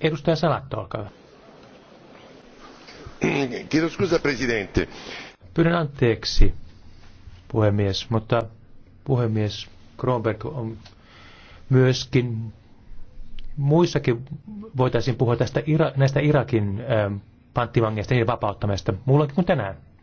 Edustaja Salatto, olkaa hyvä. Kiitos, scusa, presidentti. Pyydän anteeksi, puhemies, mutta puhemies Kronberg on myöskin muissakin voitaisiin puhua tästä, näistä Irakin ähm, panttivangeista, ja vapauttamisesta, muullakin kuin tänään.